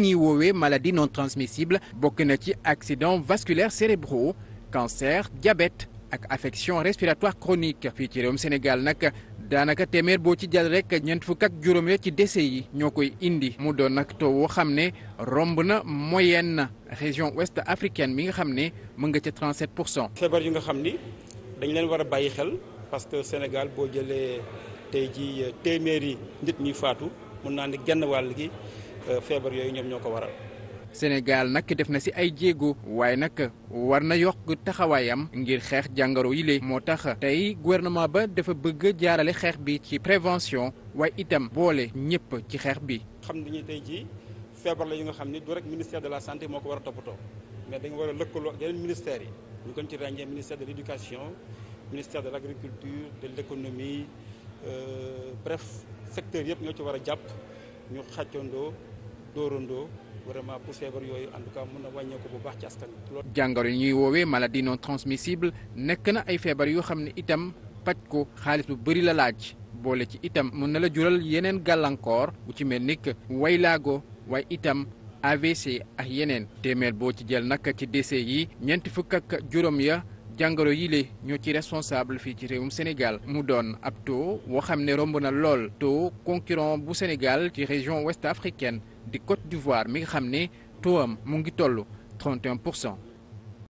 ñiy woowee maladie non transmissible bokk na ci accident vasculaire cérébraux cancer diabète ak affection respiratoire chronique fii ci réewum Sénégal nag daanaka téeméer boo ci jël rek ñeent fukk ak juróom ya ci décès yi ñoo koy indi mu doon nag taux woo xam ne romb na moyenne région ouest africaine bi nga xam ne mën nga ca 37 pour cent. feebar yu nga xam ni dañ leen war a bàyyi xel parce que Sénégal boo jëlee tey jii téeméeri nit ñuy faatu mun naa ne genn wàll Euh, feebar yooyu ñoom ñoo ko waral. Sénégal nag def na ci ay jéego waaye nag war na yokk taxawaayam ngir xeex jàngoro yile moo tax tey gouvernement ba dafa bëgg jaarale xeex bi ci prévention waaye itam boole ñépp ci xeex bi. xam nañu tey ji feebar la yu nga xam ni du rek ministère de la santé moo ko war a toppatoo mais dañu war a lëkkaloo ak yeneen ministères yi ñu gën ci ràññee ministère de l'éducation ministère de l'agriculture de l'économie euh, bref secteur yépp ñoo ci war a jàpp. ñu xàccandoo dóorandoo vraiment pour feebar yooyu en tout cas mën a wàññeeku bu jàngoro yi ñuy woowee maladie non transmissible nekk na ay feebar yoo xam ne itam paj ko xaalis bu bëri la laaj boole ci itam mën na la jural yeneen gàllankoor bu ci mel ni way waylaago waaye itam. AVC ak yeneen téeméer boo ci jël nag ci décès yi ñeenti fukk ak juróom ya jàngoro yi lée ñoo ci responsable fii ci réewum Sénégal mu doon ab taux woo xam ne romb na lool taux concurrent bu Sénégal ci région ouest africaine di Côte d'Ivoire mi nga xam ne taux am mu ngi toll 31 pour